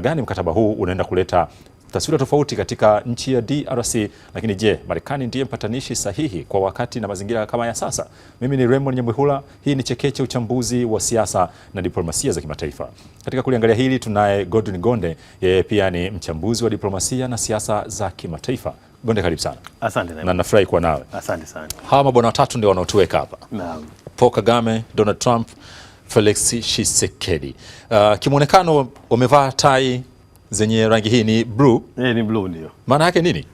gani mkataba huu unaenda kuleta taswira tofauti katika nchi ya DRC. Lakini je, Marekani ndiye mpatanishi sahihi kwa wakati na mazingira kama ya sasa? Mimi ni Raymond Nyambwihula, hii ni Chekeche, uchambuzi wa siasa na diplomasia za kimataifa. Katika kuliangalia hili tunaye Godwin Gonde, yeye pia ni mchambuzi wa diplomasia na siasa za kimataifa. Gonde, karibu sana. Asante na nafurahi kuwa nawe. Asante sana. Hawa mabwana watatu ndio wanaotuweka hapa, Paul Kagame, Donald Trump Felix Tshisekedi. Uh, kimwonekano wamevaa tai zenye rangi hii ni blue. Eh, ni blue ndio. Maana yake nini?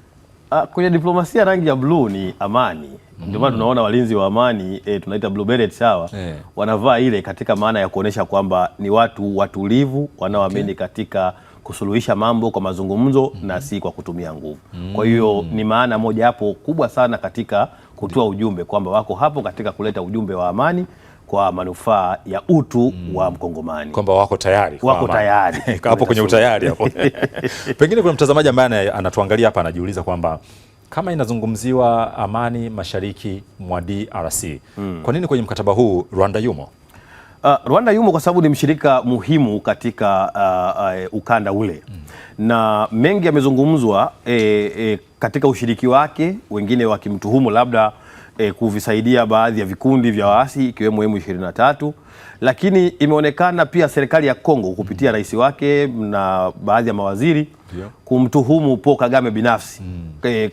Uh, kwenye diplomasia rangi ya blue ni amani. Ndio maana mm. tunaona walinzi wa amani eh, tunaita Blue Beret sawa eh, Wanavaa ile katika maana ya kuonesha kwamba ni watu watulivu wanaoamini okay. katika kusuluhisha mambo kwa mazungumzo mm -hmm. na si kwa kutumia nguvu mm Kwa hiyo ni maana moja hapo kubwa sana katika kutoa ujumbe kwamba wako hapo katika kuleta ujumbe wa amani kwa manufaa ya utu mm. wa Mkongomani, kwamba wako tayari wako tayari hapo kwenye utayari hapo. Pengine kuna mtazamaji ambaye anatuangalia hapa anajiuliza kwamba kama inazungumziwa amani mashariki mwa DRC mm. kwa nini kwenye mkataba huu Rwanda yumo? Uh, Rwanda yumo kwa sababu ni mshirika muhimu katika uh, uh, ukanda ule mm. na mengi yamezungumzwa eh, eh, katika ushiriki wake, wengine wakimtuhumu labda e, kuvisaidia baadhi ya vikundi vya waasi ikiwemo M23, lakini imeonekana pia serikali ya Kongo kupitia mm. rais wake na baadhi ya mawaziri yeah. kumtuhumu Paul Kagame binafsi mm. e,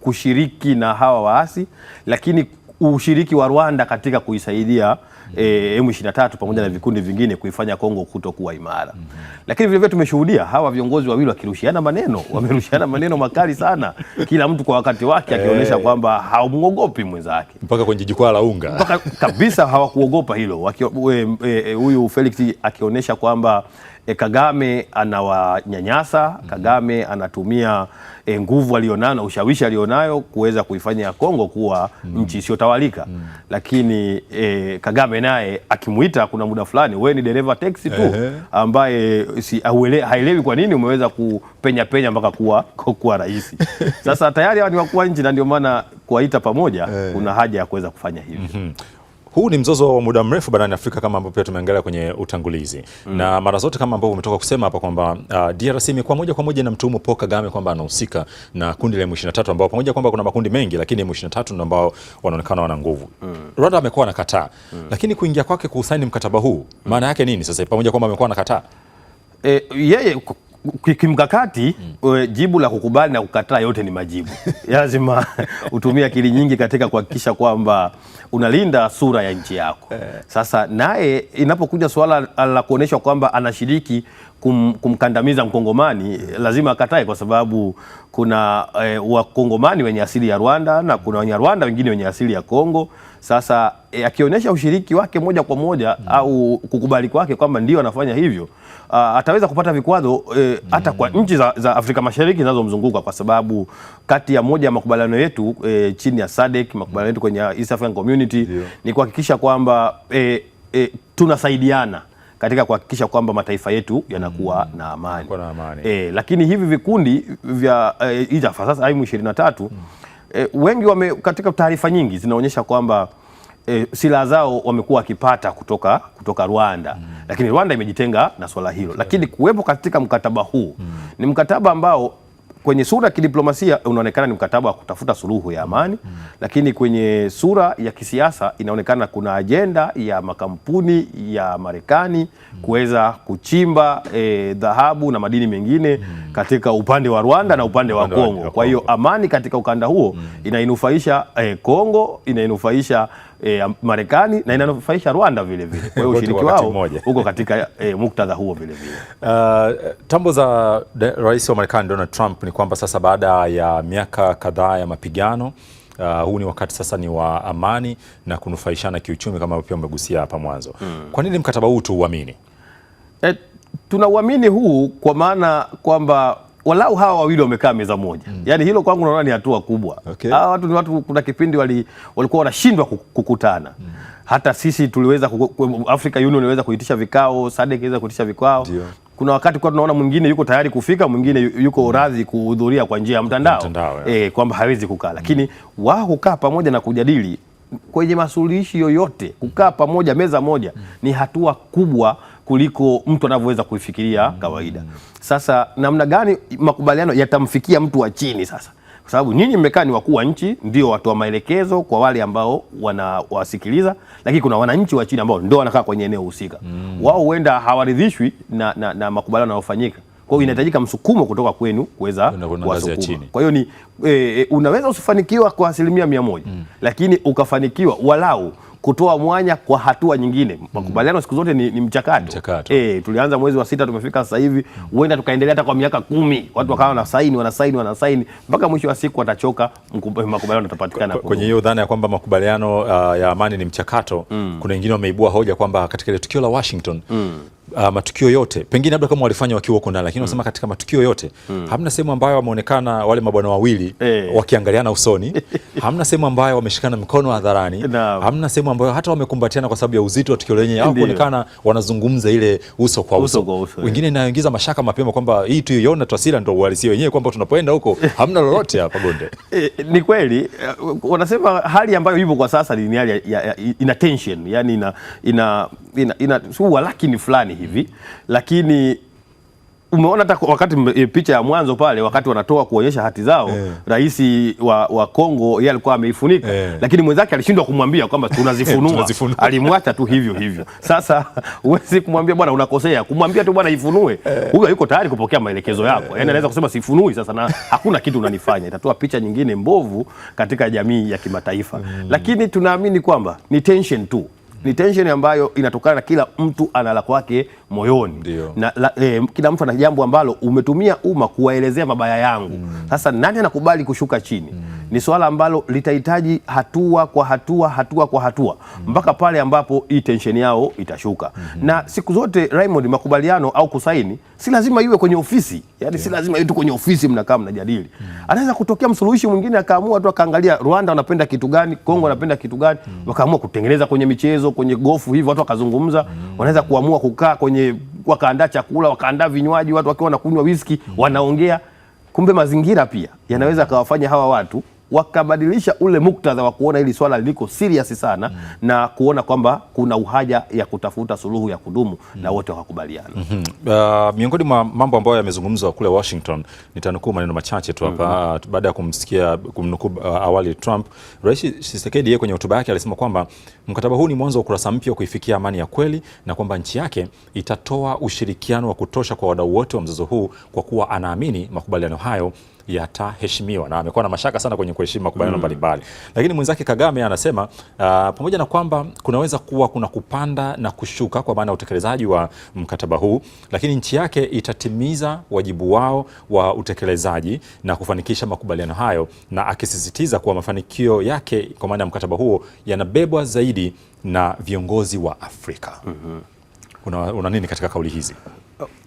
kushiriki na hawa waasi, lakini ushiriki wa Rwanda katika kuisaidia e, M23 pamoja na vikundi vingine kuifanya Kongo kutokuwa imara. Mm -hmm. Lakini vile vile tumeshuhudia hawa viongozi wawili wakirushiana maneno, wamerushiana maneno makali sana, kila mtu kwa wakati wake akionyesha hey, eh. kwamba haumwogopi mwenzake mpaka kwenye jukwaa la unga mpaka kabisa hawakuogopa hilo, huyu e, e, Felix akionyesha kwamba e, Kagame anawanyanyasa. Mhm. Kagame anatumia e, nguvu alionayo na ushawishi alionayo kuweza kuifanya Kongo kuwa mm. nchi isiyotawalika mm. Lakini e, Kagame naye akimuita kuna muda fulani, wewe ni dereva teksi tu ambaye si, haelewi kwa nini umeweza kupenya penya mpaka kuwa, kuwa rais. Sasa tayari hawa ni wakuu wa nchi na ndio maana kuwaita pamoja kuna haja ya kuweza kufanya -hmm. Huu ni mzozo wa muda mrefu barani Afrika kama ambavyo pia tumeangalia kwenye utangulizi mm. na mara zote kama ambavyo umetoka kusema hapa kwamba uh, DRC imekuwa moja kwa moja inamtuhumu Paul Kagame kwamba anahusika na kundi la M23 ambao pamoja kwamba kuna makundi mengi, lakini M23 ndio ambao wanaonekana wana nguvu mm. Rwanda amekuwa anakataa mm. lakini kuingia kwake kusaini mkataba huu mm. maana mm. yake nini sasa, pamoja kwamba amekuwa anakataa e, yeye Kimkakati mm. Jibu la kukubali na kukataa yote ni majibu. Lazima utumie akili nyingi katika kuhakikisha kwamba unalinda sura ya nchi yako. Eh. Sasa naye inapokuja suala la kuonyeshwa kwamba anashiriki kum, kumkandamiza Mkongomani mm. lazima akatae, kwa sababu kuna e, Wakongomani wenye asili ya Rwanda na kuna Wanyarwanda wengine wenye asili ya Kongo. Sasa e, akionyesha ushiriki wake moja kwa moja mm. au kukubali kwake kwamba ndio anafanya hivyo uh, ataweza kupata vikwazo e, hata mm. kwa nchi za, za Afrika Mashariki zinazomzunguka kwa sababu kati ya moja ya makubaliano yetu e, chini ya SADC makubaliano yetu kwenye East African Community Dio. ni kuhakikisha kwamba e, e, tunasaidiana katika kuhakikisha kwamba mataifa yetu yanakuwa mm. na amani, na amani. E, lakini hivi vikundi vya e, sasa M23 mm e, wengi wame, katika taarifa nyingi zinaonyesha kwamba e, silaha zao wamekuwa wakipata kutoka, kutoka Rwanda mm. Lakini Rwanda imejitenga na swala hilo, lakini kuwepo katika mkataba huu mm. ni mkataba ambao kwenye sura ya kidiplomasia unaonekana ni mkataba wa kutafuta suluhu ya amani mm. Lakini kwenye sura ya kisiasa inaonekana kuna ajenda ya makampuni ya Marekani mm. kuweza kuchimba eh, dhahabu e, na madini mengine mm. katika upande wa Rwanda mm. na upande wa Kongo. Kwa hiyo amani katika ukanda huo mm. inainufaisha e, Kongo, inainufaisha eh, Marekani na inanufaisha Rwanda vile vile. Kwa hiyo ushiriki wao uko katika eh, muktadha huo vile vile. Uh, tambo za rais wa Marekani Donald Trump ni kwamba sasa baada ya miaka kadhaa ya mapigano Uh, huu ni wakati sasa ni wa amani na kunufaishana kiuchumi kama pia umegusia hapa mwanzo. Mm. Kwa nini mkataba huu tuuamini? E, tunauamini huu kwa maana kwamba walau hawa wawili wamekaa meza moja mm. Yaani hilo kwangu naona ni hatua kubwa okay. Hawa watu ni watu, kuna kipindi wali, walikuwa wanashindwa kukutana mm. Hata sisi tuliweza Africa Union iliweza kuitisha vikao, SADC iliweza kuitisha vikao Dio. Kuna wakati kwa tunaona mwingine yuko tayari kufika, mwingine yuko mm. radhi kuhudhuria kwa njia ya mtandao, mtandao e, kwamba hawezi kukaa, hmm. lakini wao kukaa pamoja na kujadili kwenye masuluhishi yoyote, kukaa pamoja meza moja mm. ni hatua kubwa kuliko mtu anavyoweza kuifikiria mm. kawaida. Sasa namna gani makubaliano yatamfikia mtu wa chini sasa kwa sababu nyinyi mmekaa ni wakuu wa nchi, ndio watoa maelekezo kwa wale ambao wanawasikiliza, lakini kuna wananchi wa chini ambao ndio wanakaa kwenye eneo husika mm. Wao huenda hawaridhishwi na, na, na makubaliano yanayofanyika. Kwa hiyo mm. inahitajika msukumo kutoka kwenu kuweza kuwasukuma. Kwa hiyo ni e, unaweza usifanikiwa kwa asilimia mia moja mm. lakini ukafanikiwa walau kutoa mwanya kwa hatua nyingine. Mm. Makubaliano siku zote ni, ni mchakato, mchakato. E, tulianza mwezi wa sita tumefika sasa hivi, huenda tukaendelea hata kwa miaka kumi, watu mm. wakawa wanasaini wanasaini wanasaini mpaka mwisho wa siku watachoka, eh, makubaliano yatapatikana. Kwenye hiyo dhana ya kwamba makubaliano uh, ya amani ni mchakato mm. kuna wengine wameibua hoja kwamba katika ile tukio la Washington mm uh, matukio yote pengine labda kama walifanya wakiwa huko ndani, lakini mm. unasema katika matukio yote mm. hamna sehemu ambayo wameonekana wale mabwana wawili hey. Eh. wakiangaliana usoni hamna sehemu ambayo wameshikana mikono hadharani no. hamna sehemu ambayo hata wamekumbatiana kwa sababu ya uzito wa tukio lenyewe au kuonekana wanazungumza ile uso kwa uso, uso, uso eh. wengine yeah. inaingiza mashaka mapema kwamba hii tuiona taswira ndio uhalisia wenyewe kwamba tunapoenda huko hamna lolote hapa Gonde. Eh, ni kweli wanasema hali ambayo ipo kwa sasa ni hali ina tension, yani ina, ina ina, ina lakini fulani hivi, lakini umeona hata wakati e, picha ya mwanzo pale wakati wanatoa kuonyesha hati zao yeah. Rais wa, wa Kongo yeye alikuwa ameifunika yeah. Lakini mwenzake alishindwa kumwambia kwamba tunazifunua alimwacha tu hivyo hivyo. Sasa huwezi kumwambia bwana, unakosea kumwambia tu bwana ifunue eh. Huyo yuko tayari kupokea maelekezo yako yeah. Yaani anaweza kusema sifunui sasa, na hakuna kitu unanifanya, itatoa picha nyingine mbovu katika jamii ya kimataifa mm. Lakini tunaamini kwamba ni tension tu ni tension ambayo inatokana na kila mtu ana la kwake moyoni na la, eh, kila mtu ana jambo ambalo umetumia umma kuwaelezea mabaya yangu mm. Sasa nani anakubali kushuka chini mm ni swala ambalo litahitaji hatua kwa hatua hatua kwa hatua mm-hmm. mpaka mm -hmm. pale ambapo hii tensheni yao itashuka mm -hmm. na siku zote Raymond, makubaliano au kusaini si lazima iwe kwenye ofisi yani yeah. si lazima iwe tu kwenye ofisi mnakaa mnajadili mm -hmm. anaweza kutokea msuluhishi mwingine akaamua tu akaangalia Rwanda wanapenda kitu gani, Kongo wanapenda kitu gani mm -hmm. wakaamua kutengeneza kwenye michezo, kwenye gofu hivi watu wakazungumza mm -hmm. wanaweza kuamua kukaa kwenye wakaandaa chakula wakaandaa vinywaji watu wakiwa wanakunywa whisky mm -hmm. wanaongea kumbe mazingira pia yanaweza akawafanya hawa watu wakabadilisha ule muktadha wa kuona hili swala liko serious sana mm. na kuona kwamba kuna uhaja ya kutafuta suluhu ya kudumu mm. na wote wakakubaliana. mm -hmm. Uh, miongoni mwa mambo ambayo yamezungumzwa kule Washington, nitanukuu maneno machache tu hapa mm -hmm. baada ya kumsikia kumnukuu uh, awali Trump, Rais Tshisekedi yeye kwenye hotuba yake alisema kwamba mkataba huu ni mwanzo wa ukurasa mpya wa kuifikia amani ya kweli na kwamba nchi yake itatoa ushirikiano wa kutosha kwa wadau wote wa mzozo huu kwa kuwa anaamini makubaliano hayo yataheshimiwa, na amekuwa na mashaka sana kwenye kuheshimu makubaliano mm. mbalimbali mm. Lakini mwenzake Kagame anasema uh, pamoja na kwamba kunaweza kuwa kuna kupanda na kushuka kwa maana ya utekelezaji wa mkataba huu, lakini nchi yake itatimiza wajibu wao wa utekelezaji na kufanikisha makubaliano hayo, na akisisitiza kuwa mafanikio yake kwa maana ya mkataba huo yanabebwa zaidi na viongozi wa Afrika. mm -hmm. Una, una nini katika kauli hizi?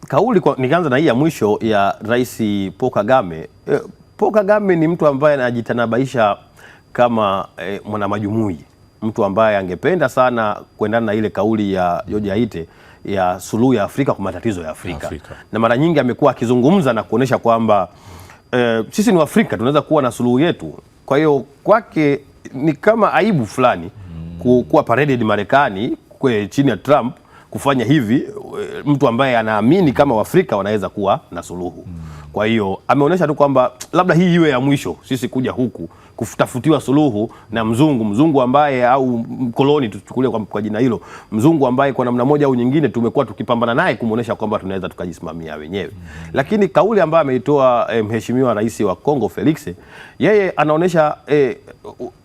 kauli kwa, nikaanza na hii ya mwisho ya Rais Paul Kagame. Eh, Paul Kagame ni mtu ambaye anajitanabaisha kama mwana eh, mwanamajumui, mtu ambaye angependa sana kuendana na ile kauli ya Yoji Aite ya suluhu ya Afrika kwa matatizo ya Afrika, Afrika. Na mara nyingi amekuwa akizungumza na kuonyesha kwamba e, sisi ni Afrika tunaweza kuwa na suluhu yetu. Kwa hiyo kwake ni kama aibu fulani kuwa paraded Marekani chini ya Trump kufanya hivi eh, mtu ambaye anaamini kama Waafrika wanaweza kuwa na suluhu Kwa hiyo ameonyesha tu kwamba labda hii iwe ya mwisho, sisi kuja huku kutafutiwa suluhu na mzungu mzungu ambaye au mkoloni tuchukulie kwa, kwa jina hilo mzungu ambaye kwa namna moja au nyingine tumekuwa tukipambana naye kumwonyesha kwamba tunaweza tukajisimamia wenyewe mm. Lakini kauli ambayo ameitoa eh, mheshimiwa rais wa Kongo Felix, yeye anaonyesha eh,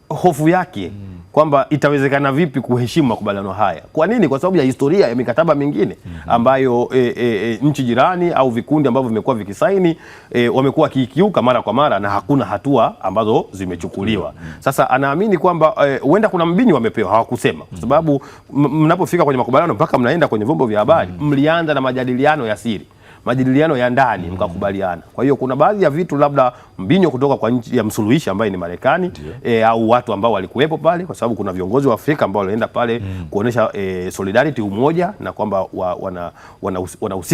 hofu yake mm kwamba itawezekana vipi kuheshimu makubaliano haya. Kwa nini? Kwa sababu ya historia ya mikataba mingine mhm. ambayo e, e, e, nchi jirani au vikundi ambavyo vimekuwa vikisaini e, wamekuwa wakiikiuka mara kwa mara na hakuna hatua ambazo zimechukuliwa. Mhm. Mhm. Sasa anaamini kwamba e, huenda e, kuna mbinyu wamepewa, hawakusema kwa sababu mnapofika kwenye makubaliano mpaka mnaenda kwenye vyombo vya habari, mlianza na majadiliano ya siri majadiliano ya ndani mm mkakubaliana. Kwa hiyo kuna baadhi ya vitu labda mbinyo kutoka kwa nchi ya msuluhishi ambaye ni Marekani e, au watu ambao walikuwepo pale, kwa sababu kuna viongozi wa Afrika ambao walienda pale mm kuonesha e, solidarity, umoja na kwamba wanahusika wana,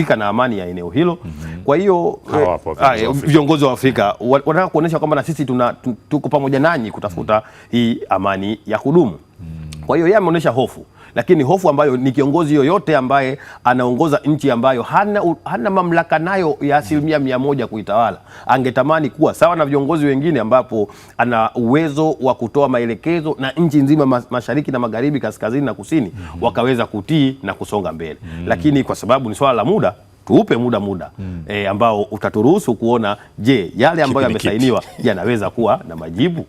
wana na amani ya eneo hilo mm -hmm. kwa hiyo e, ah, e viongozi wa Afrika wanataka kuonesha kwamba na sisi tuna, tuko pamoja nanyi kutafuta mm -hmm. hii amani ya kudumu mm -hmm. kwa hiyo yeye ameonyesha hofu lakini hofu ambayo ni kiongozi yoyote ambaye anaongoza nchi ambayo hana, hana mamlaka nayo ya asilimia mia moja kuitawala, angetamani kuwa sawa na viongozi wengine, ambapo ana uwezo wa kutoa maelekezo na nchi nzima, mashariki na magharibi, kaskazini na kusini, mhm. wakaweza kutii na kusonga mbele, mhm. lakini kwa sababu ni swala la muda tuupe muda muda mm. e, ambao utaturuhusu kuona je, yale ambayo yamesainiwa yanaweza kuwa na majibu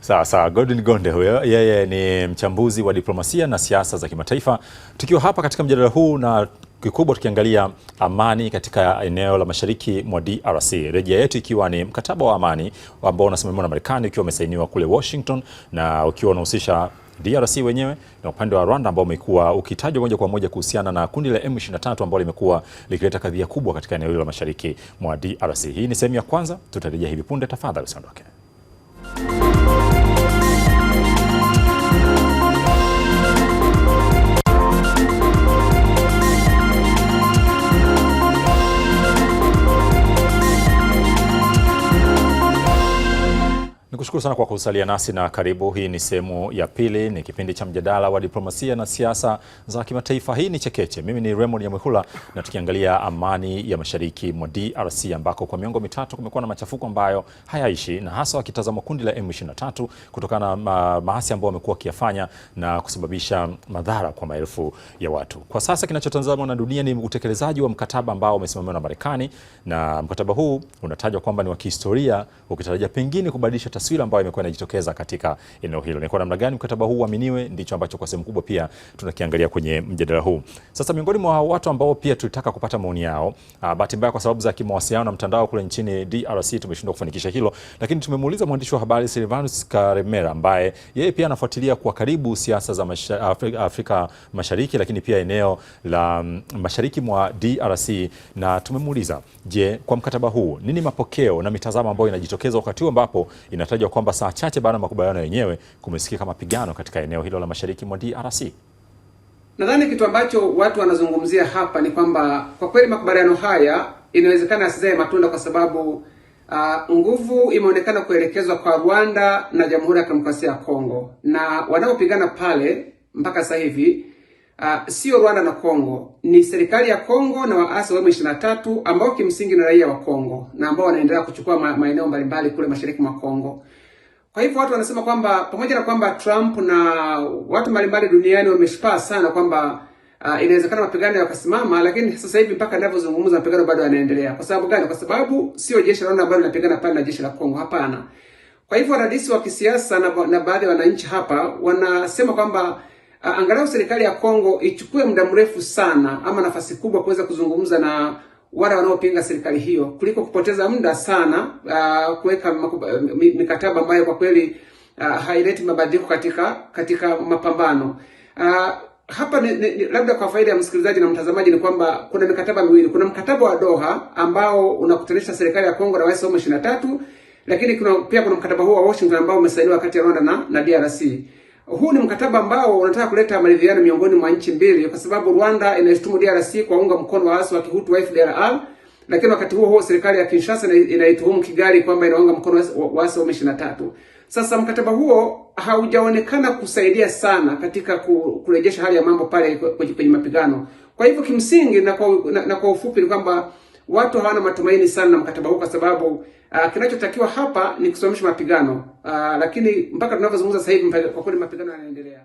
sawa sawa. Godwin Gonde huyo, yeye ni mchambuzi wa diplomasia na siasa za kimataifa, tukiwa hapa katika mjadala huu na kikubwa tukiangalia amani katika eneo la mashariki mwa DRC, rejea yetu ikiwa ni mkataba wa amani ambao unasimamiwa na Marekani ukiwa umesainiwa kule Washington na ukiwa unahusisha DRC wenyewe na upande wa Rwanda ambao umekuwa ukitajwa moja kwa moja kuhusiana na kundi la M23 ambalo limekuwa likileta kadhia kubwa katika eneo hilo la mashariki mwa DRC. Hii ni sehemu ya kwanza, tutarejea hivi punde, tafadhali usiondoke. Nikushukuru sana kwa kusalia nasi na karibu. Hii ni sehemu ya pili, ni kipindi cha mjadala wa diplomasia na siasa za kimataifa. Hii ni Chekeche, mimi ni Raymond Nyamwihula na tukiangalia amani ya mashariki mwa DRC ambako kwa miongo mitatu kumekuwa na machafuko ambayo hayaishi, na hasa wakitazama kundi la M23 kutokana na maasi ambayo wamekuwa wakiyafanya na kusababisha madhara kwa maelfu ya watu. Kwa sasa kinachotazamwa na dunia ni utekelezaji wa mkataba ambao umesimamiwa na Marekani, na mkataba huu unatajwa kwamba ni wa kihistoria, ukitarajia pengine kubadilisha taswira ambayo imekuwa inajitokeza katika eneo hilo, ni kwa namna gani mkataba huu uaminiwe, ndicho ambacho kwa sehemu kubwa pia tunakiangalia kwenye mjadala huu. Sasa miongoni mwa watu ambao pia tulitaka kupata maoni yao, ah, bahati mbaya kwa sababu za kimawasiliano na mtandao kule nchini DRC tumeshindwa kufanikisha hilo, lakini tumemuuliza mwandishi wa habari Silvanus Karemera ambaye yeye pia anafuatilia kwa karibu siasa za Afrika Afrika Mashariki, lakini pia eneo la mm, mashariki mwa DRC na tumemuuliza, je, kwa mkataba huu nini mapokeo na mitazamo ambayo inajitokeza wakati huu ambapo inataja imetajwa kwamba saa chache baada ya makubaliano yenyewe kumesikika mapigano katika eneo hilo la mashariki mwa DRC. Nadhani kitu ambacho watu wanazungumzia hapa ni kwamba kwa kweli makubaliano haya inawezekana asizae matunda kwa sababu Uh, nguvu imeonekana kuelekezwa kwa Rwanda na Jamhuri ya Kidemokrasia ya Kongo, na wanaopigana pale mpaka sasa hivi uh, sio Rwanda na Kongo, ni serikali ya Kongo na waasi wa M23 ambao kimsingi ni raia wa Kongo na ambao wanaendelea kuchukua ma maeneo mbalimbali kule mashariki mwa Kongo. Kwa hivyo watu wanasema kwamba pamoja na kwamba Trump na watu mbalimbali duniani wameshipaa sana kwamba uh, inawezekana mapigano yakasimama, lakini sasa hivi mpaka ninavyozungumza mapigano bado yanaendelea. Kwa sababu gani? Kwa sababu sio jeshi la Rwanda ambalo linapigana pale na jeshi la Kongo, hapana. Kwa hivyo wadadisi wa kisiasa na, na baadhi ya wananchi hapa wanasema kwamba angalau serikali ya Kongo ichukue muda mrefu sana ama nafasi kubwa kuweza kuzungumza na wale wanaopinga serikali hiyo kuliko kupoteza muda sana uh, kuweka mikataba ambayo kwa kweli uh, haileti mabadiliko katika katika mapambano uh, hapa ni, ni, labda kwa faida ya msikilizaji na mtazamaji ni kwamba kuna mikataba miwili. Kuna mkataba wa Doha ambao unakutanisha serikali ya Kongo na waasi wa M23, lakini kuna, pia kuna mkataba huu wa Washington ambao umesainiwa kati ya Rwanda na, na DRC. Huu ni mkataba ambao unataka kuleta maridhiano miongoni mwa nchi mbili, kwa sababu Rwanda inaishutumu DRC kwa unga mkono waasi wa Kihutu wa FDLR, lakini wakati huo huo serikali ya Kinshasa inaituhumu Kigali kwamba inaunga mkono waasi wa M23. Sasa mkataba huo haujaonekana kusaidia sana katika kurejesha hali ya mambo pale kwenye mapigano. Kwa hivyo kimsingi na kwa, na, na kwa ufupi ni kwamba watu hawana matumaini sana na mkataba huu kwa sababu uh, kinachotakiwa hapa ni kusimamisha mapigano uh, lakini mpaka tunavyozungumza sasa hivi kwa kweli mapigano yanaendelea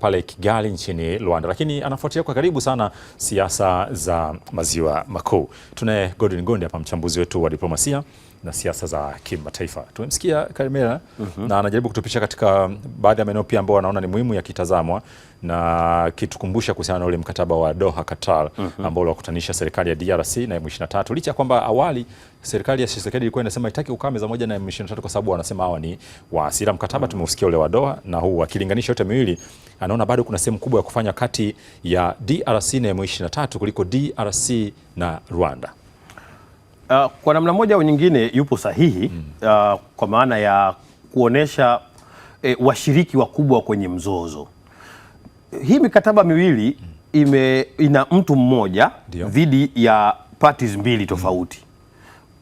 pale Kigali nchini Rwanda, lakini anafuatilia kwa karibu sana siasa za maziwa makuu. Tunaye Godwin Gonde hapa, mchambuzi wetu wa diplomasia na siasa za kimataifa. Tumemsikia Karemera mm -hmm. na anajaribu kutupisha katika baadhi ya maeneo pia ambayo anaona ni muhimu yakitazamwa na kitukumbusha kuhusiana na ule mkataba wa Doha Qatar mm -hmm. ambao uliwakutanisha serikali ya DRC na M23, licha ya kwamba awali serikali ya Tshisekedi ilikuwa inasema itaki kukaa meza moja na M23 kwa sababu wanasema hawa ni waasira. Mkataba mm -hmm. tumeusikia ule wa Doha na huu, akilinganisha yote miwili, anaona bado kuna sehemu kubwa ya kufanya kati ya DRC na M23 kuliko DRC na Rwanda uh, kwa namna moja au nyingine yupo sahihi hmm. uh, kwa maana ya kuonesha eh, washiriki wakubwa kwenye mzozo. Hii mikataba miwili hmm. ime, ina mtu mmoja dhidi ya parties mbili hmm. tofauti mm.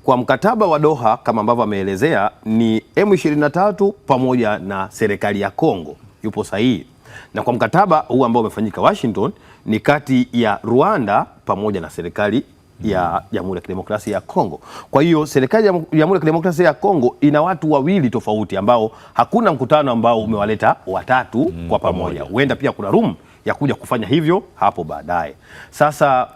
Kwa mkataba wa Doha kama ambavyo ameelezea ni M23 pamoja na serikali ya Kongo yupo sahihi, na kwa mkataba huu ambao umefanyika Washington ni kati ya Rwanda pamoja na serikali ya Jamhuri ya Kidemokrasia ya Kongo. Kwa hiyo serikali ya Jamhuri ya Kidemokrasia ya Kongo ina watu wawili tofauti ambao hakuna mkutano ambao umewaleta watatu mm, kwa pamoja. Huenda pia kuna room ya kuja kufanya hivyo hapo baadaye. Sasa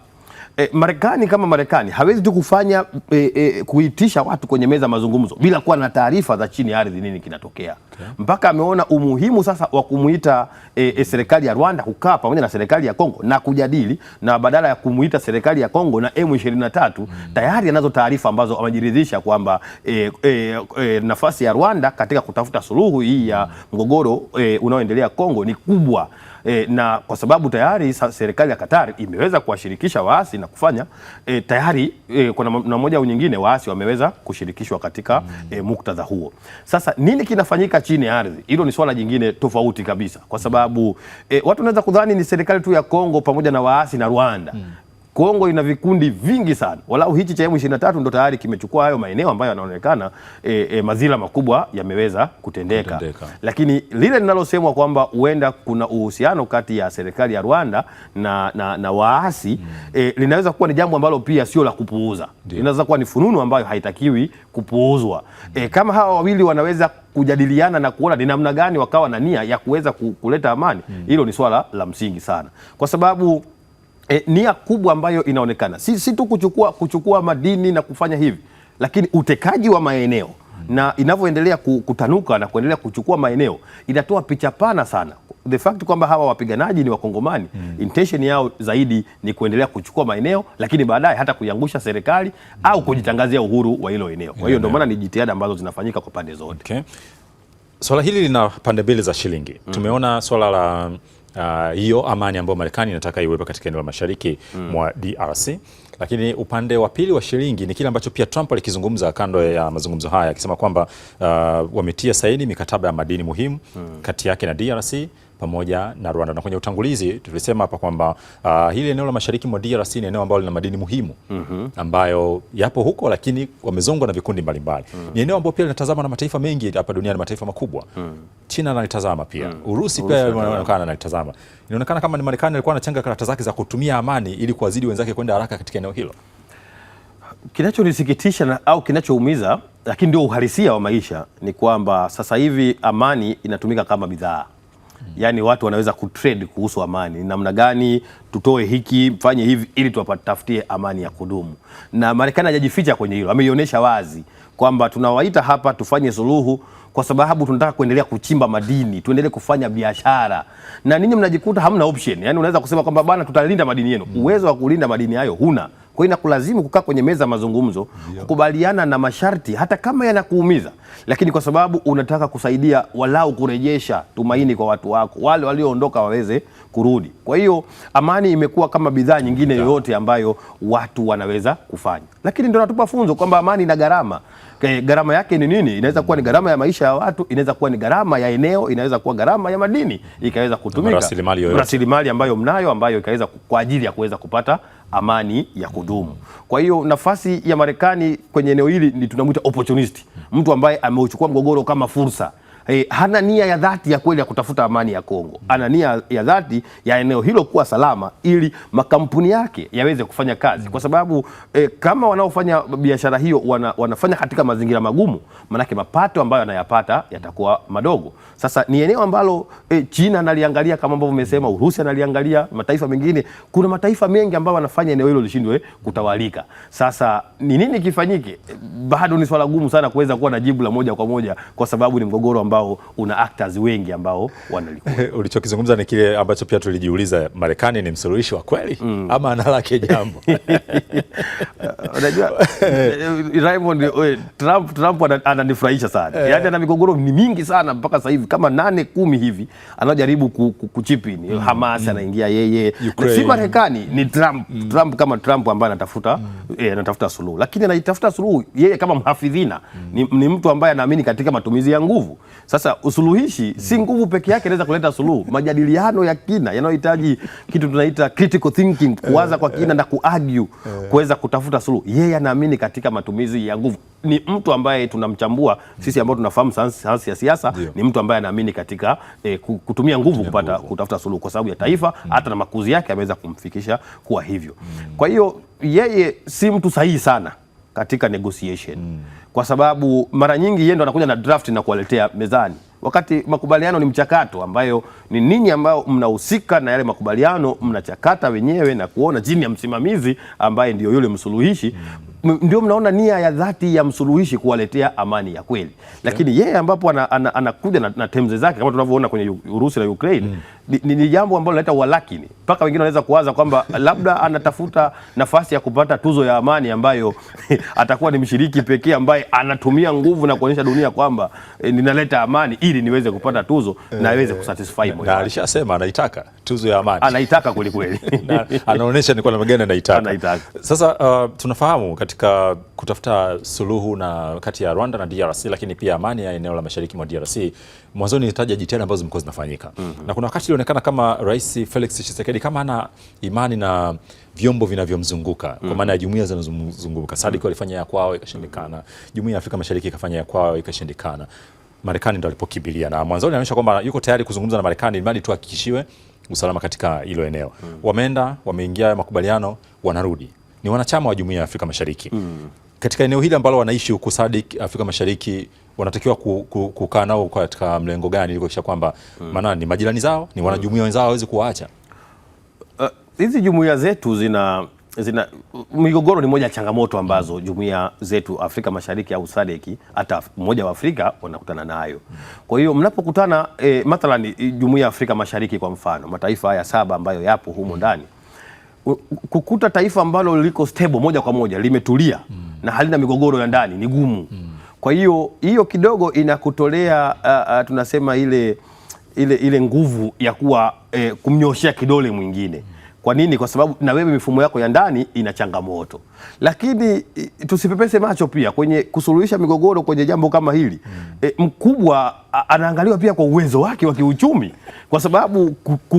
E, Marekani kama Marekani hawezi tu kufanya e, e, kuitisha watu kwenye meza mazungumzo bila kuwa na taarifa za chini ardhi nini kinatokea, okay. Mpaka ameona umuhimu sasa wa kumuita e, e, serikali ya Rwanda kukaa pamoja na serikali ya Kongo na kujadili, na badala ya kumuita serikali ya Kongo na M23 mm. Tayari anazo taarifa ambazo amejiridhisha kwamba e, e, e, nafasi ya Rwanda katika kutafuta suluhu hii ya hmm. mgogoro e, unaoendelea Kongo ni kubwa e, na kwa sababu tayari serikali ya Qatar imeweza kuwashirikisha waasi na kufanya e, tayari e, kwa namna moja au nyingine waasi wameweza kushirikishwa katika mm. e, muktadha huo. Sasa nini kinafanyika chini ya ardhi? Hilo ni swala jingine tofauti kabisa, kwa sababu e, watu wanaweza kudhani ni serikali tu ya Kongo pamoja na waasi na Rwanda mm. Kongo ina vikundi vingi sana, walau hichi cha M23 ndo tayari kimechukua hayo maeneo ambayo yanaonekana e, e, madhila makubwa yameweza kutendeka. Kutendeka, lakini lile linalosemwa kwamba huenda kuna uhusiano kati ya serikali ya Rwanda na, na, na waasi mm. e, linaweza kuwa ni jambo ambalo pia sio la kupuuza, linaweza kuwa ni fununu ambayo haitakiwi kupuuzwa mm. e, kama hawa wawili wanaweza kujadiliana na kuona ni namna gani wakawa na nia ya kuweza kuleta amani, hmm. hilo mm. ni swala la msingi sana kwa sababu e, nia kubwa ambayo inaonekana si, si tu kuchukua, kuchukua madini na kufanya hivi, lakini utekaji wa maeneo na inavyoendelea kutanuka na kuendelea kuchukua maeneo inatoa picha pana sana. The fact kwamba hawa wapiganaji ni Wakongomani mm. intention yao zaidi ni kuendelea kuchukua maeneo, lakini baadaye hata kuiangusha serikali mm. au hmm. kujitangazia uhuru wa hilo eneo. Kwa hiyo ndio maana ni jitihada ambazo zinafanyika kwa pande zote. Okay. Swala hili lina pande mbili za shilingi mm. tumeona swala la Uh, hiyo uh, amani ambayo Marekani inataka iwepo katika eneo la mashariki mm. mwa DRC. Lakini upande wa pili wa shilingi ni kile ambacho pia Trump alikizungumza kando ya mazungumzo haya akisema kwamba uh, wametia saini mikataba ya madini muhimu mm. kati yake na DRC pamoja na Rwanda. Na kwenye utangulizi tulisema hapa kwamba uh, hili eneo la mashariki mwa DRC ni eneo ambalo lina madini muhimu mm -hmm. ambayo yapo huko, lakini wamezongwa na vikundi mbalimbali mm -hmm. ni eneo ambalo pia linatazama na mataifa mengi hapa duniani, mataifa makubwa mm -hmm. China analitazama pia mm -hmm. Urusi pia inaonekana analitazama. Inaonekana kama ni Marekani alikuwa anachanga karata zake za kutumia amani ili kuwazidi wenzake kwenda haraka katika eneo hilo. Kinachonisikitisha au kinachoumiza, lakini ndio uhalisia wa maisha, ni kwamba sasa hivi amani inatumika kama bidhaa yani watu wanaweza kutrade kuhusu amani ni namna gani, tutoe hiki fanye hivi ili tuwatafutie amani ya kudumu. Na Marekani hajajificha kwenye hilo, ameionyesha wazi kwamba tunawaita hapa tufanye suluhu kwa sababu tunataka kuendelea kuchimba madini, tuendelee kufanya biashara, na ninyi mnajikuta hamna option. Yani unaweza kusema kwamba bwana, tutalinda madini yenu, mm. uwezo wa kulinda madini hayo huna. Kwa hiyo inakulazimu kukaa kwenye meza ya mazungumzo, kukubaliana na masharti hata kama yanakuumiza, lakini kwa sababu unataka kusaidia walau kurejesha tumaini kwa watu wako, wale walioondoka waweze kurudi. Kwa hiyo amani imekuwa kama bidhaa nyingine yoyote ambayo watu wanaweza kufanya, lakini ndio natupa funzo kwamba amani ina gharama. Gharama yake ni nini? Inaweza kuwa ni gharama ya maisha ya watu, inaweza kuwa ni gharama ya eneo, inaweza kuwa gharama ya madini, ikaweza kutumika rasilimali ambayo mnayo, ambayo ikaweza kwa ajili ya kuweza kupata amani ya kudumu. Kwa hiyo nafasi ya Marekani kwenye eneo hili ni tunamwita opportunist, mtu ambaye ameuchukua mgogoro kama fursa. Hey, eh, hana nia ya dhati ya kweli ya kutafuta amani ya Kongo. Ana nia ya dhati ya eneo hilo kuwa salama ili makampuni yake yaweze kufanya kazi, kwa sababu eh, kama wanaofanya biashara hiyo wana, wanafanya katika mazingira magumu, manake mapato ambayo anayapata yatakuwa madogo. Sasa ni eneo ambalo e, China analiangalia kama ambavyo umesema, Urusi analiangalia, mataifa mengine. Kuna mataifa mengi ambayo wanafanya eneo hilo lishindwe kutawalika. Sasa ni nini kifanyike? Bado ni swala gumu sana kuweza kuwa na jibu la moja kwa moja, kwa sababu ni mgogoro ambao una actors wengi ambao wanalikuwa. Ulichokizungumza ni kile ambacho pia tulijiuliza, Marekani ni msuluhishi wa kweli mm, ama analake jambo? Unajua Raymond, Trump Trump ananifurahisha sana, eh. yaani ana migogoro ni mingi sana mpaka sasa hivi hivi kama nane kumi hivi anaojaribu kuchipini mm. Hamas mm. anaingia yeye, si Marekani ni mm. Trump mm. Trump kama Trump ambaye anatafuta mm. eh, anatafuta suluhu, lakini anajitafuta suluhu yeye kama mhafidhina mm. ni, ni mtu ambaye anaamini katika matumizi ya nguvu. Sasa usuluhishi mm. si nguvu peke yake inaweza kuleta suluhu majadiliano ya kina yanayohitaji kitu tunaita critical thinking, kuwaza kwa eh, kina eh. na kuargue eh. kuweza kutafuta suluhu. Yeye anaamini katika matumizi ya nguvu. Ni mtu ambaye tunamchambua sisi ambao tunafahamu sayansi ya siasa, ni mtu ambaye ambaye anaamini katika e, kutumia nguvu kupata kutafuta suluhu kwa sababu ya taifa mm. hata na makuzi yake ameweza kumfikisha kuwa hivyo. Mm. Kwa hiyo yeye si mtu sahihi sana katika negotiation mm. Kwa sababu mara nyingi yeye ndo anakuja na draft na kuwaletea mezani, wakati makubaliano ni mchakato ambayo ni ninyi ambao mnahusika na yale makubaliano, mnachakata wenyewe na kuona chini ya msimamizi ambaye ndio yule msuluhishi mm ndio mnaona nia ya dhati ya msuluhishi kuwaletea amani ya kweli, lakini yeye yeah, ambapo anakuja ana, ana, ana na, na temze zake kama tunavyoona kwenye Urusi na Ukraine mm ni, ni jambo ambalo linaleta walakini mpaka wengine wanaweza kuwaza kwamba labda anatafuta nafasi ya kupata tuzo ya amani ambayo atakuwa ni mshiriki pekee ambaye anatumia nguvu na kuonyesha dunia kwamba e, ninaleta amani ili niweze kupata tuzo e, na eh, iweze kusatisfy moyo. Na alishasema anaitaka tuzo ya amani, anaitaka kweli kweli anaonyesha ni kwa namna gani anaitaka, anaitaka. Sasa uh, tunafahamu katika kutafuta suluhu na kati ya Rwanda na DRC, lakini pia amani ya eneo la mashariki mwa DRC mwanzoni nitaja jitihada ambazo zimekuwa zinafanyika mm -hmm. na kuna wakati ilionekana kama Rais Felix Tshisekedi kama ana imani na vyombo vinavyomzunguka mm -hmm. kwa mhm. maana ya jumuiya zinazomzunguka SADC mm -hmm. walifanya ya kwao ikashindikana, jumuiya ya Afrika Mashariki ikafanya ya kwao ikashindikana, Marekani ndo alipokimbilia, na mwanzoni anaonyesha kwamba yuko tayari kuzungumza na Marekani ili tu hakikishiwe usalama katika hilo eneo mm -hmm. wameenda wameingia makubaliano, wanarudi ni wanachama wa jumuiya ya Afrika Mashariki mm -hmm. katika eneo hili ambalo wanaishi huku SADC Afrika Mashariki wanatakiwa kukaa nao katika mlengo gani ili kuhakikisha kwamba mm. maana ni majirani zao, ni wanajumuia hmm. wenzao, hawezi kuwaacha uh, hizi uh, jumuia zetu zina zina migogoro ni moja ya changamoto ambazo hmm. jumuiya zetu Afrika Mashariki au SADC hata mmoja wa Afrika wanakutana nayo. Kwa hiyo mnapokutana e, mathalan eh, jumuiya ya Afrika Mashariki kwa mfano, mataifa haya saba ambayo yapo humo hmm. ndani, kukuta taifa ambalo liko stable moja kwa moja limetulia mm. na halina migogoro ya ndani ni gumu mm. Kwa hiyo hiyo kidogo inakutolea uh, uh, tunasema ile ile ile nguvu ya kuwa eh, kumnyoshea kidole mwingine. Kwa nini? Kwa sababu na wewe mifumo yako ya ndani ina changamoto, lakini tusipepese macho pia kwenye kusuluhisha migogoro kwenye jambo kama hili mm. E, mkubwa anaangaliwa pia kwa uwezo wake wa kiuchumi, kwa sababu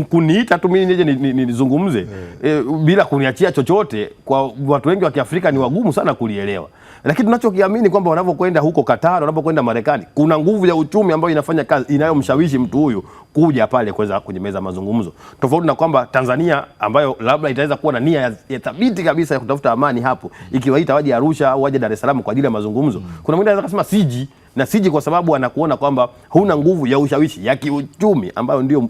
kuniita tu mimi nije nizungumze ni, ni ni mm. E, eh, bila kuniachia chochote, kwa watu wengi wa Kiafrika ni wagumu sana kulielewa, lakini tunachokiamini kwamba wanapokwenda huko Qatar, wanapokwenda Marekani, kuna nguvu ya uchumi ambayo inafanya kazi inayomshawishi mtu huyu kuja pale kuweza kwenye meza mazungumzo, tofauti na kwamba Tanzania ambayo labda itaweza kuwa na nia ya, ya thabiti kabisa ya kutafuta amani hapo, ikiwaita waje Arusha au waje Dar es Salaam kwa ajili ya mazungumzo mm. kuna mwingine anaweza kusema siji na siji kwa sababu anakuona kwamba huna nguvu ya ushawishi ya kiuchumi ambayo ndio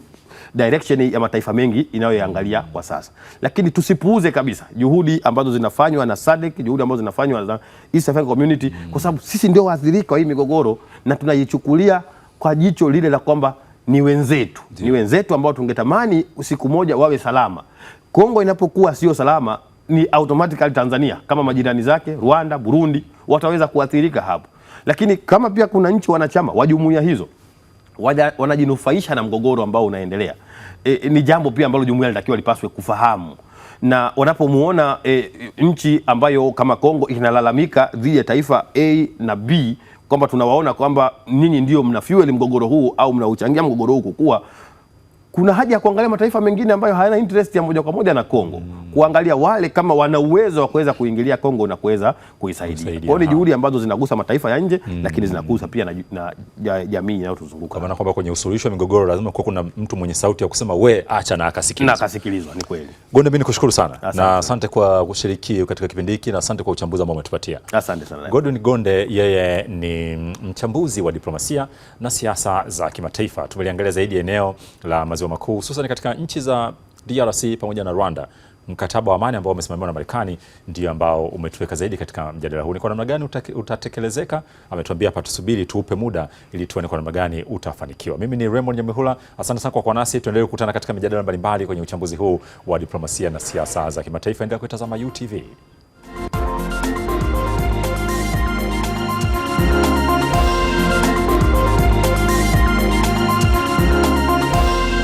direction ya mataifa mengi inayoangalia kwa sasa, lakini tusipuuze kabisa juhudi ambazo zinafanywa na SADC, juhudi ambazo zinafanywa na East African Community mm. kwa sababu sisi ndio waathirika wa hii migogoro na tunaichukulia kwa jicho lile la kwamba ni wenzetu Jee. ni wenzetu ambao tungetamani siku moja wawe salama. Kongo inapokuwa sio salama, ni automatically Tanzania kama majirani zake Rwanda, Burundi wataweza kuathirika hapo. Lakini kama pia kuna nchi wanachama wa jumuiya hizo wanajinufaisha na mgogoro ambao unaendelea, e, e, ni jambo pia ambalo jumuiya linatakiwa lipaswe kufahamu na wanapomuona e, nchi ambayo kama Kongo inalalamika dhidi ya taifa A na B kwamba tunawaona kwamba ninyi ndio mna fuel mgogoro huu au mnauchangia mgogoro huu kukua, kuna haja ya kuangalia mataifa mengine ambayo hayana interest ya moja kwa moja na Kongo mm. kuangalia wale kama wana uwezo wa kuweza kuingilia Kongo na kuweza kuisaidia. Kwa hiyo ni juhudi ambazo zinagusa mataifa ya nje mm. lakini zinagusa pia na, na jamii inayotuzunguka kwa maana kwamba kwenye usuluhisho wa migogoro lazima kuwe kuna mtu mwenye sauti ya kusema we acha na akasikilizwa. Na akasikilizwa ni kweli. Gonde, mimi nikushukuru sana asante. Na asante kwa kushiriki katika kipindi hiki na asante kwa uchambuzi ambao umetupatia. Asante sana. Godwin Gonde yeye ni mchambuzi wa diplomasia na siasa za kimataifa. Tumeliangalia zaidi eneo la maziwa maziwa makuu hususan katika nchi za DRC pamoja na Rwanda. Mkataba wa amani ambao umesimamiwa na Marekani ndio ambao umetuweka zaidi katika mjadala huu. Ni kwa namna gani utatekelezeka? Ametuambia hapa tusubiri tuupe muda ili tuone kwa namna gani utafanikiwa. Mimi ni Raymond Nyamihula, asante sana kwa kuwa nasi. Tuendelee kukutana katika mijadala mbalimbali kwenye uchambuzi huu wa diplomasia na siasa za kimataifa. Endelea kuitazama UTV.